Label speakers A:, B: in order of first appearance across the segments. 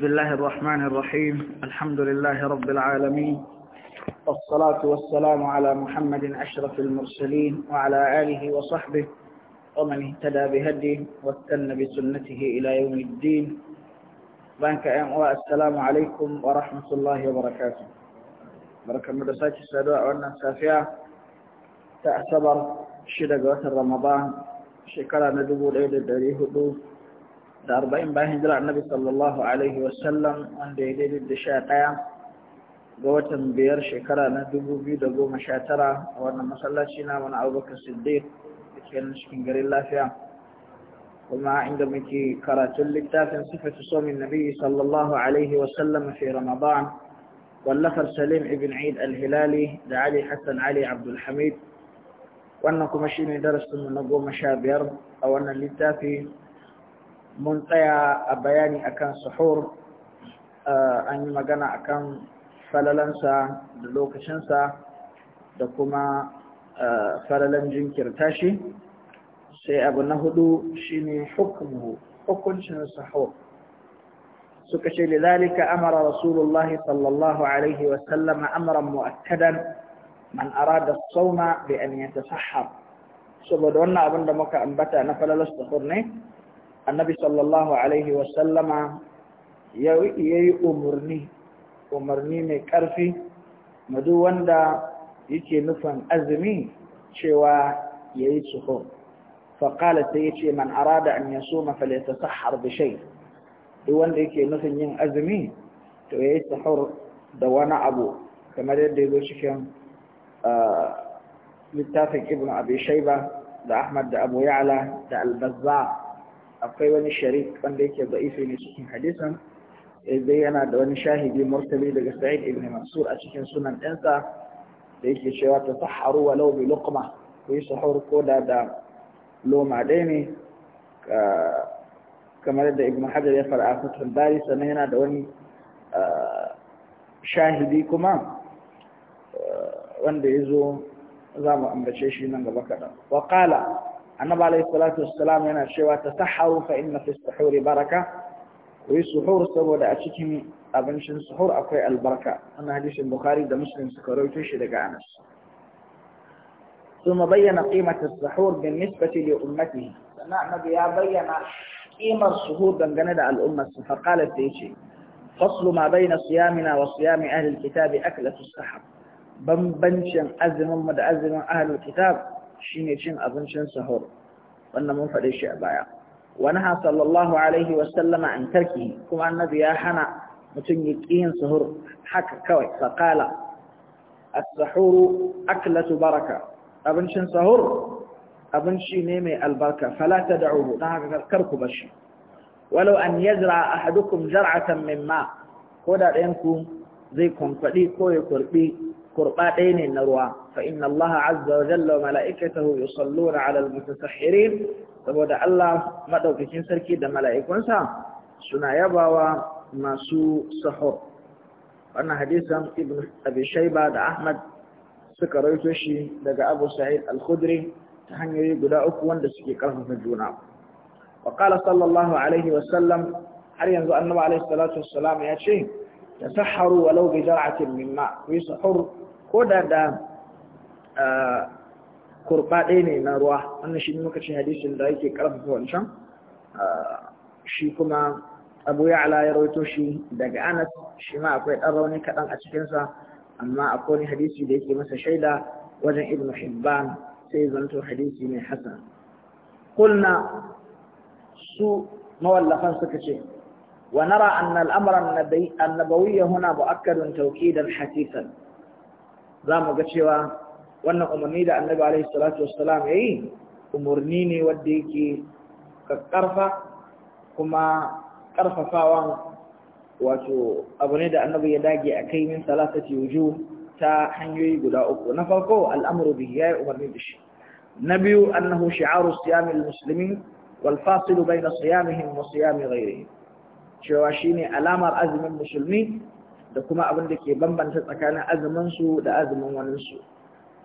A: بسم الله الرحمن الرحيم الحمد لله رب العالمين والصلاة والسلام على محمد أشرف المرسلين وعلى آله وصحبه ومن اهتدى بهديه واتن بسنته إلى يوم الدين بانك السلام عليكم ورحمة الله وبركاته بركة مدرسات السادة وأن السافية تأثبر شدق رمضان شكرا ندبو العيد الدريه da arba'in bayan hijira annabi sallallahu alaihi wasallam wanda ya daidai da sha ɗaya ga watan biyar shekara na dubu biyu da goma sha tara a wannan masallaci na wani abubakar siddiq da ke cikin garin lafiya kuma inda muke karatun littafin sifatu somin nabi sallallahu alaihi wasallam fi ramadan wallafar salim ibn eid al-hilali da ali hassan ali abdulhamid wannan kuma shine darasinmu na goma sha biyar a wannan littafi mun tsaya a bayani akan suhur eh, an yi magana akan falalansa da lokacinsa da kuma eh, falalan jinkirta shi sai abu na hudu shine hukumu hukuncin suhur suka ce lalika amara rasulullahi sallallahu alaihi wasallama amara man arada sauna da bi an saboda wannan abin da muka ambata na falalar suhur ne annabi sallallahu alaihi wasallama ya yi umarni umarni mai ƙarfi madu wanda yake nufin azumi cewa ya yi suho faƙala ta yi ce man arada an yaso mafalaita sahar da shai duk wanda yake nufin yin azumi to ya yi da wani abu kamar yadda ya zo cikin littafin ibn abi da ahmad da abu ya'la da albazza akwai wani sharik wanda yake da'ifi ne cikin hadisan eh, dai yana da wani shahidi murtali daga sa'id ibn mansur a cikin sunan ɗansa da yake cewa ta saharu wa lau bi ku yi sahur ko da da loma dai ne kamar da ibn hajar ya fara fitar sannan yana da wani ah, shahidi kuma ah, wanda ya zo za mu ambace shi nan gaba kaɗan wa النبي عليه الصلاة والسلام أنا شوى تسحر فإن في السحور بركة ويسحور سبود أشكهم أبنشن سحور أقوي البركة أنا هديش البخاري ده مسلم سكروي تشي دقاء ثم بيّن قيمة السحور بالنسبة لأمته نعم بيا بيّن قيمة السحور دم على الأمة فقال تيشي فصل ما بين صيامنا وصيام أهل الكتاب أكلة السحر بنشن أزن ومد أزن أهل الكتاب shine cin abincin sahur wannan mun faɗe shi a baya wani ha sallallahu alaihi wasallama an tarki kuma annabi ya hana mutum ya yin sahur haka kawai faƙala as-sahuru aklatu baraka abincin sahur abinci ne mai albarka fala tad'uhu dan haka karku bashi walau an yazra ahadukum zar'atan mimma ko da ɗayan ku zai kwamfaɗi ko ya kurɓi kurɓa ɗaya ne na ruwa fa inna Allah azza wa jalla wa mala'ikatahu yusalluna 'ala al saboda Allah madaukakin sarki da mala'ikunsa suna yabawa masu sahur wannan hadisan ibn abi shayba da ahmad suka rawaito shi daga abu sa'id al-khudri ta hanyoyi guda uku wanda suke karfafa juna wa qala sallallahu alaihi wa sallam har yanzu annabi alaihi salatu wassalam ya ce ta saharu walau bi zar'atin min ma ku yi sahur ko da da kurba ne na ruwa wannan shi muka ce hadisin da yake karfafa wancan shi kuma abu ya ala ya rawaito shi daga anas shi ma akwai ɗan rauni kaɗan a cikinsa amma akwai wani hadisi da yake masa shaida wajen ibn hibban sai zanto hadisi mai hasan kulna su mawallafan suka ce ونرى أن الأمر النبي النبوي هنا مؤكد توكيدا حثيثا زام قتشوا وأن أمرني ده النبي عليه الصلاة والسلام أي أمرنيني وديكي كقرفة كما قرفة فاوان wato abu ne da annabi ya dage a kai min salatati wujuh ta hanyoyi guda uku na farko al'amru bihi ya umarni da shi na biyu annahu shi'aru siyamil muslimin wal fasilu bayna siyamihim wa cewa shine alamar azumin musulmi da kuma abin da ke bambanta tsakanin azuminsu da azumin waninsu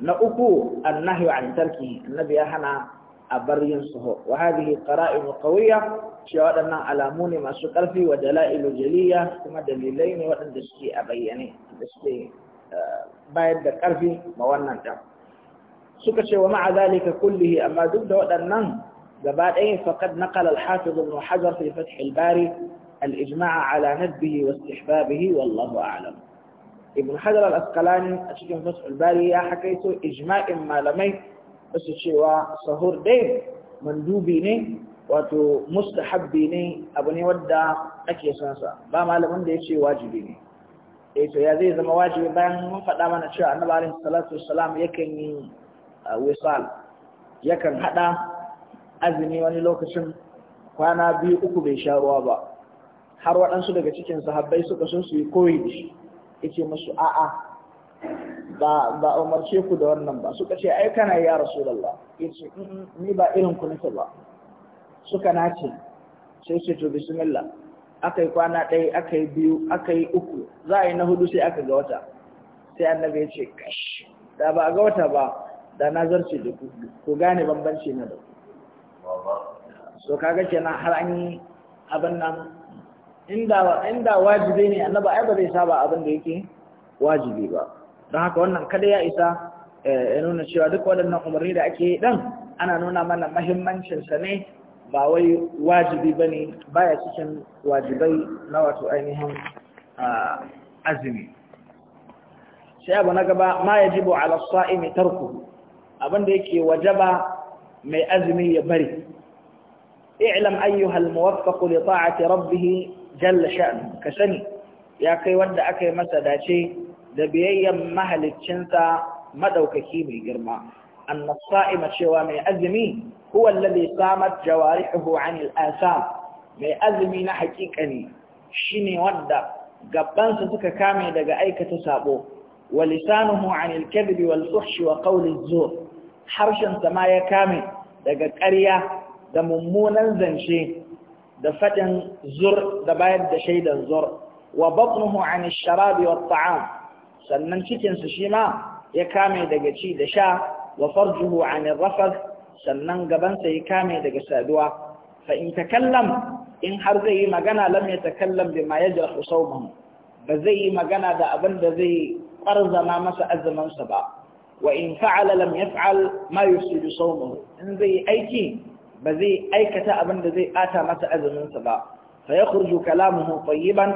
A: na uku annahyu an tarki annabi biya hana a bar yin suho wa hadhihi qara'in cewa waɗannan alamu ne masu ƙarfi wa dala'ilu jaliya kuma dalilai ne waɗanda suke a bayyane da suke eh, bayar da ƙarfi ma wannan ɗan suka ce wa ma'a zalika kullihi amma duk da waɗannan gaba ɗaya faqad naqala al-hafiz hajar fi fath al الإجماع على ندبه واستحبابه والله أعلم ابن حجر الأسقلاني أشكي فتح الباري يا حكيته إجماع ما لمي أسكي وصهور دين مندوبي ني wato mustahabbi ne abu ne wadda ake son sa ba malamin da yace wajibi ne eh to ya zai zama wajibi bayan mun faɗa mana cewa Annabi alaihi salatu wassalam yakan yi wisal yakan hada azumi wani lokacin kwana biyu uku bai sha ruwa ba har waɗansu daga cikin sahabbai suka sun su yi koyi da shi yace musu a'a ba ba umarce ku da wannan ba suka ce ai kana ya rasulullah yace ni ba irin ku nake ba suka nace sai su to bismillah akai kwana ɗaya akai biyu akai uku za a yi na hudu sai aka ga wata sai annabi ya ce kash da ba a ga wata ba da na zarce da ku ku gane bambanci na da ku so kaga kenan har an yi abin nan inda wajibi ne annaba ai ba zai saba abin da yake wajibi ba don haka wannan kada ya isa eh, ya nuna cewa duk waɗannan umarni da ake yi ɗan ana nuna mana mahimmancinsa ne ba wai wajibi ba ne baya cikin wajibai na wato ainihin azumi sai abu na gaba ma ya jibo alassa'i mai tarku abinda yake wajaba mai azumi ya bari i'lam ayyuhal muwaffaqu li ta'ati jalla sha'an ka sani ya kai wanda aka yi masa dace da biyayyan mahaliccinsa madaukaki mai girma anna cewa mai azumi huwa alladhi samat jawarihuhu 'anil asam mai azumi na haƙiƙa ne shine wanda gabansa suka kame daga aikata sabo wa lisanuhu 'anil kadhib wal fuhsh wa qawli zur harshen sama ma ya kame daga ƙarya da mummunan zance da faɗin zur da bayar da shaidan zur wa batnuhu an sharabi wa ta'am sannan cikinsu shi ma ya kame daga ci da sha wa farjuhu an rafath sannan gabansa ya kame daga saduwa fa in takallam in har zai yi magana lam ya takallam bima yajrahu ba zai yi magana da abin da zai ƙwarzana masa azumansa ba wa in fa'ala lam yaf'al ma yusidu sawmahu in zai aiki ba zai aikata abin da zai ata masa azuminsa ba fa ya kurju kalamuhu tayyiban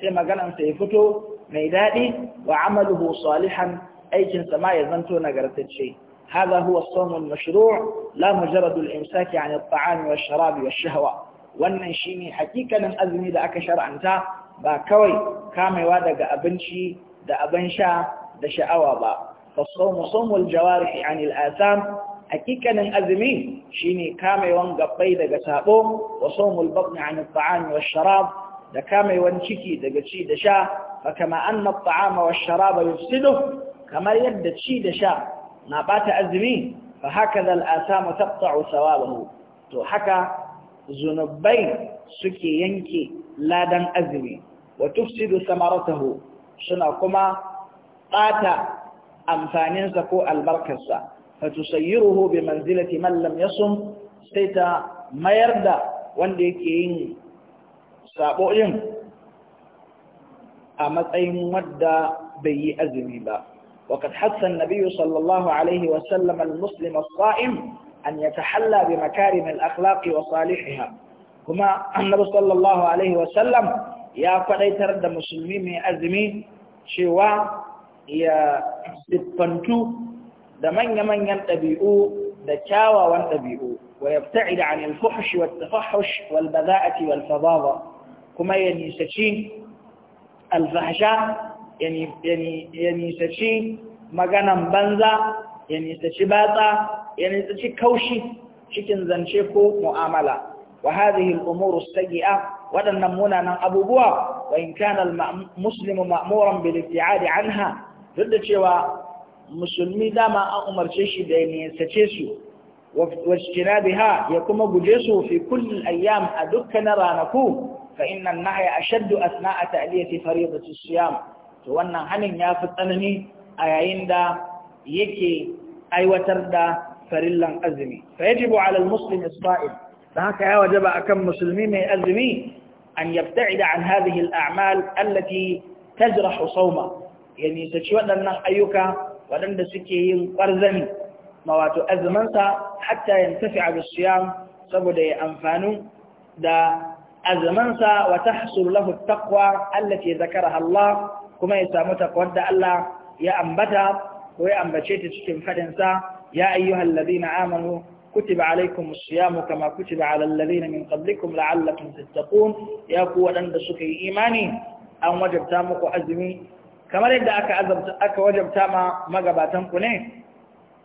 A: sai maganansa ya fito mai daɗi wa amaluhu salihan aikinsa ma ya zanto nagartacce هذا هو الصوم المشروع لا مجرد الإمساك عن الطعام والشراب shahwa. wannan shine hakikanin azumi da aka shar'anta ba kawai kamewa daga abinci da abin sha da sha'awa ba fasawmu sawmul jawarih anil asam hakikanin azumi shine kamewan gabbai daga sabo wa sawmul batni an at-ta'am wash-sharab da kamewan ciki daga ci da sha fa kama anna at-ta'ama wash-sharab yufsidu kamar yadda ci da sha na bata azumi fa hakadha al-asamu taqta'u thawabahu to haka zunubai suke yanke ladan azumi wa tufsidu samaratahu suna kuma bata amfaninsa ko albarkarsa فتسيره بمنزلة من لم يصم سيتا ما يرد mayar da wanda yake yin sabo din وقد حث النبي صلى الله عليه وسلم المسلم الصائم أن يتحلى بمكارم الأخلاق وصالحها كما النبي صلى الله عليه وسلم يا فريت رد مسلمي أزمي شوا يا ستنتو da manya-manyan ɗabi'u da kyawawan ɗabi'u wa yabta'id 'anil fuhsh wat tafahush wal bada'ati kuma ya nisaci alfahasha ya nisaci maganan banza ya nisaci batsa ya nisaci kaushi cikin zance ko mu'amala wa hadhihi al umuru as waɗannan munanan abubuwa wa in kana al ma'amuran ma'muran bil 'anha duk da cewa musulmi dama an umarce shi da ne sace su wa biha ya kuma guje su fi kullu ayyam a dukkanin ranaku fa inna nahya ashaddu asna'a ta'liyati faridati siyam to wannan hanin ya fi tsanani a yayin da yake aiwatar da farillan azumi fa yajibu 'ala al-muslim as-sa'im dan haka ya wajaba akan musulmi mai azumi an yabta'ida 'an hadhihi al-a'mal allati tajrahu sawma yani sace waɗannan ayyuka waɗanda suke yin ƙwarzani ma wato azumansa hatta yin tafi a bishiyam saboda ya amfanu da azumansa wa ta hasuru lahu takwa Allah ke zakara Allah kuma ya samu takwar da Allah ya ambata ko ya ambace ta cikin faɗinsa ya ayyuhal ladina amanu كتب عليكم الصيام كما كتب على الذين من قبلكم لعلكم تتقون يا قوة عند سكي إيماني أن وجبت مكو أزمي kamar yadda aka azabta aka wajabta ma magabatan ku ne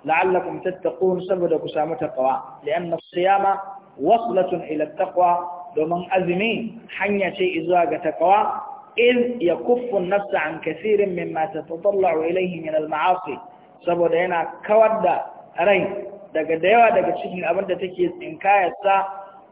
A: la'allakum tattaqun saboda ku samu taqwa li'anna as-siyama waslatun ila at-taqwa domin azumi hanya ce zuwa ga taqwa إذ يكف النفس عن كثير مما تتطلع إليه من المعاصي saboda yana kawar da rai daga dayawa daga cikin abin da take tsinkayarsa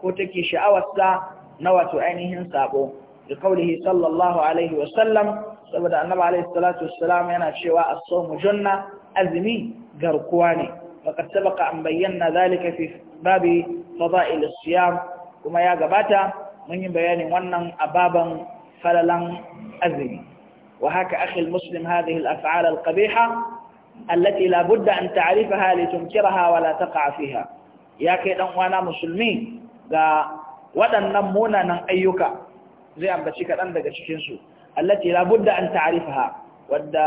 A: ko take sha'awarsa na wato ainihin sabo da kaulihi sallallahu alaihi sallam. saboda annabi alaihi salatu wassalam yana cewa as-sawmu janna azmi garkuwa ne faqad ka an bayyana zalika fi babi fada'il as-siyam kuma ya gabata mun yi bayanin wannan a baban falalan azmi wa haka akhi al-muslim hadhihi al-af'al al-qabiha التي لا بد أن تعرفها لتنكرها ولا تقع فيها ya kai dan uwana musulmi ga waɗannan munanan ayyuka zai ambaci kaɗan daga su. allati labudda an ta'rifaha wadda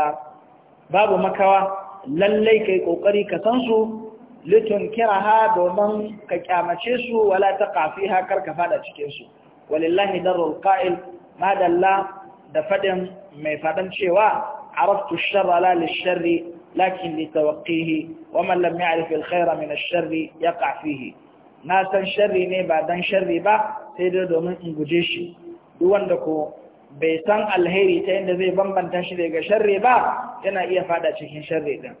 A: babu makawa lallai kai ƙoƙari ka san su litun ha domin ka kyamace su wala ta kafiha kar ka fada cikin su walillahi darul qa'il madalla da fadin mai fadan cewa عرفت الشر لا للشر لكن لتوقيه ومن لم يعرف الخير من الشر يقع فيه na san sharri ne ba dan sharri ba sai dai domin in guje shi duk wanda ko bai san alheri ta yadda zai bambanta shi daga sharri ba yana iya fada cikin sharri din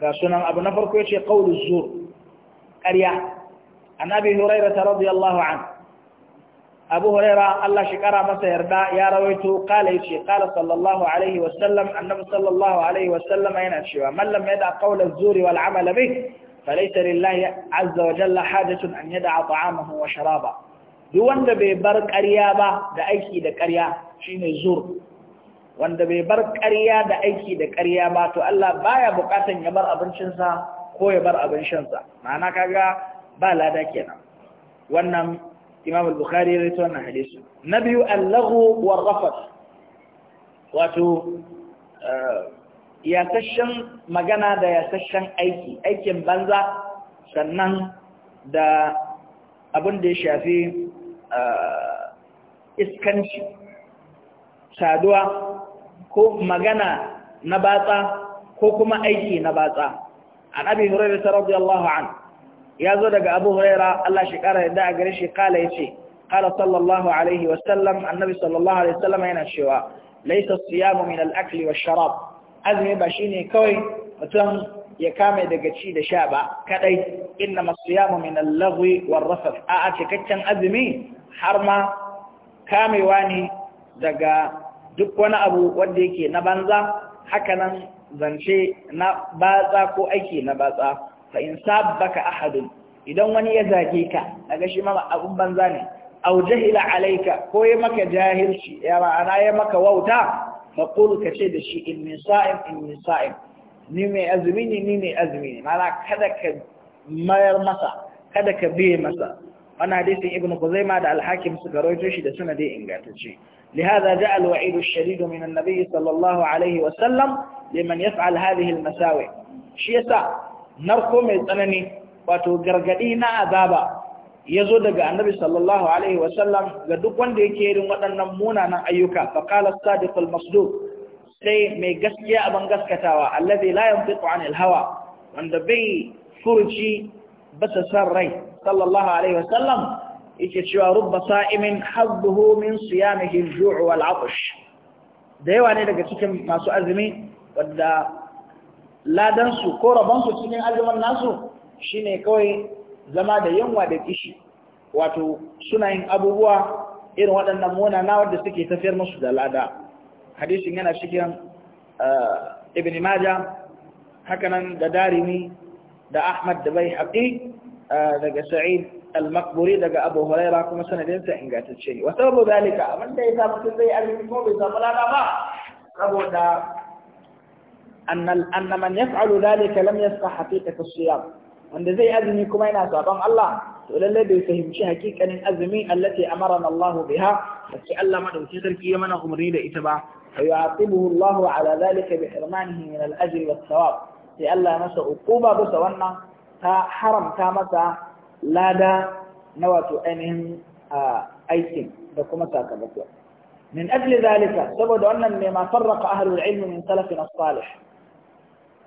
A: ga sunan abu na farko yace qaulu zur qarya annabi hurairah radiyallahu an abu hurayra Allah shi kara masa yarda ya rawaito qala yace qala sallallahu alaihi wasallam annabi sallallahu alaihi wasallam yana cewa man lam yada qawla zuri wal amala bih falaysa lillahi azza wa jalla hajatun an yada ta'amahu wa sharaba duk wanda bai bar ƙarya ba da aiki da ƙarya shine zur wanda bai bar ƙarya da aiki da ƙarya ba to Allah baya buƙatan ya bar abincinsa ko ya bar abincinsa. shansa ma'ana kaga ba lada kenan wannan Imam al-Bukhari ya rawaito wannan hadisi na biyu allahu wa wato eh, yasashen magana da yasashen aiki aikin banza sannan da abin da ya shafi Eh, iskanci saduwa ko magana na batsa ko kuma aiki na batsa an abi hurairu ta an ya zo daga abu huraira Allah shi kara yadda a gare shi kala ya ce kala sallallahu alaihi wasallam annabi sallallahu alaihi wasallam yana cewa laisa siyamu min al-akli wa sharab azumi ba shine kawai mutum ya kame daga ci da sha ba kadai inna masiyamu min al-lagwi war rafaf a a cikakken azumi har ma kamewa ne daga duk wani abu wanda yake na banza Haka nan, zance na batsa ko aiki na batsa fa in sabbaka ahadun idan wani ya zage ka daga shi ma abun banza ne aw jahila alayka ko ya maka jahilci ya ma'ana ya maka wauta fa qul ka ce da shi inni sa'im inni sa'im ni mai azumi ni mai azumi ne kada ka mayar masa kada ka biye masa wannan hadisin ibnu kuzaima da al-hakim suka rawaito shi da sanadi ingantacce لهذا جاء الوعيد الشديد من sallallahu alaihi wa sallam, liman لمن يفعل هذه المساوئ shi yasa narko mai tsanani wato gargadi na azaba yazo daga annabi sallallahu alaihi sallam, ga duk wanda yake irin waɗannan munanan ayyuka fa qala as-sadiq al-masduq sai mai gaskiya abin gaskatawa alladhi la an 'anil hawa wanda bai furci basa san rai sallallahu alaihi wasallam yake cewa rubba sa'imin hazzuhu min siyamihi al-ju' wal da yawa ne daga cikin masu azumi wadda ladansu ko rabonsu cikin azumin nasu shine kawai zama da yunwa da kishi wato suna yin abubuwa irin waɗannan munana wanda suke tafiyar musu da lada hadisin yana cikin eh, ibn majah hakanan da darimi da ahmad da bai haƙi ذلك آه، سعيد المقبوري ذلك أبو هريرة كما سنة دين سعيد الشيء وسبب ذلك من دي ثابت الزي أبو بلا نبا أبو دا أن, أن من يفعل ذلك لم يسقى حقيقة الصيام من دي أذني كمين أسابهم الله تقول الله دي سهم شي حقيقة الأزمي التي أمرنا الله بها فتعلم أنه تذكر كي من أغمري لإتباع فيعاقبه الله على ذلك بحرمانه من الأجر والثواب لألا نسأ قوبة بسوانا ta haramta masa lada na wato ainihin aikin da kuma sakamako min ajli zalika saboda wannan ne ma farraqa ahlul ilmi min salafina salih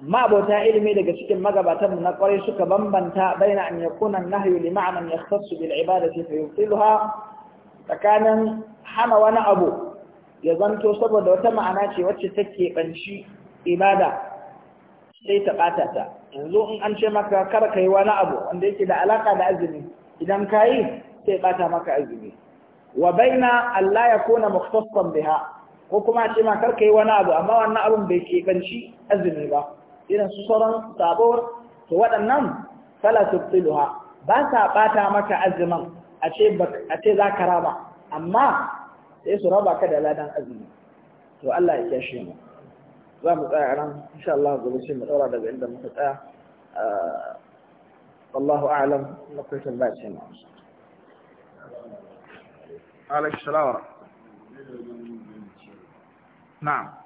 A: ma abota ilmi daga cikin magabatan na kwarai suka bambanta baina an yakuna nahyu li ma'nan yahtassu bil ibadati fa yubtiluha tsakanin hana wani abu ya zanto saboda wata ma'ana ce wacce take banci ibada sai ta bata ta yanzu in an ce maka kar ka yi wani abu wanda yake da alaka da azumi idan ka yi sai bata maka azumi wa baina Allah ya kona mukhtassan biha ko kuma a ce ma kar ka yi wani abu amma wannan abun bai kanci azumi ba Idan su sauran sabo to waɗannan fala tubtiluha ba sa bata maka azumin a ce a ce za ka amma sai su raba ka da ladan azumi to Allah ya kyashe mu إسلام آه، أعلم إن شاء الله أقول شيء من أوراد عند المخطأ آه يعني. الله أعلم نقول في الباب شيء عليك السلام نعم